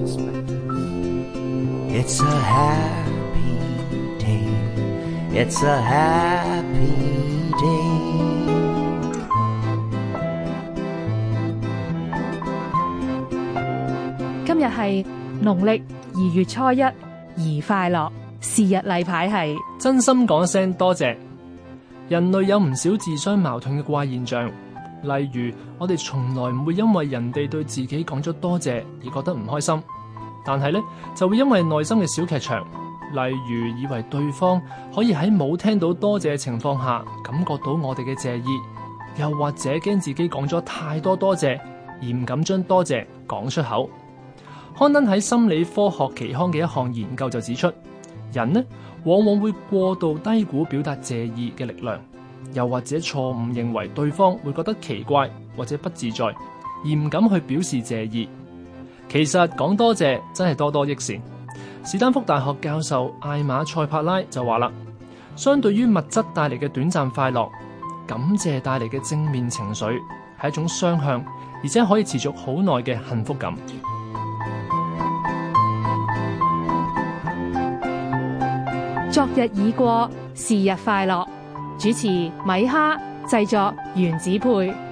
It's a happy day. It's a happy day. 今日係農曆二月初一，宜快樂。是日例牌係。真心講聲多謝。人類有唔少自相矛盾嘅怪現象。例如，我哋從來唔會因為人哋對自己講咗多謝而覺得唔開心，但係呢就會因為內心嘅小劇場，例如以為對方可以喺冇聽到多謝嘅情況下感覺到我哋嘅謝意，又或者驚自己講咗太多多謝而唔敢將多謝講出口。刊登喺心理科學期刊嘅一項研究就指出，人呢往往會過度低估表達謝意嘅力量。又或者錯誤認為對方會覺得奇怪或者不自在，而唔敢去表示謝意。其實講多謝真係多多益善。史丹福大學教授艾瑪塞帕拉就話啦：相對於物質帶嚟嘅短暫快樂，感謝帶嚟嘅正面情緒係一種雙向，而且可以持續好耐嘅幸福感。昨日已過，是日快樂。主持米哈，製作原子配。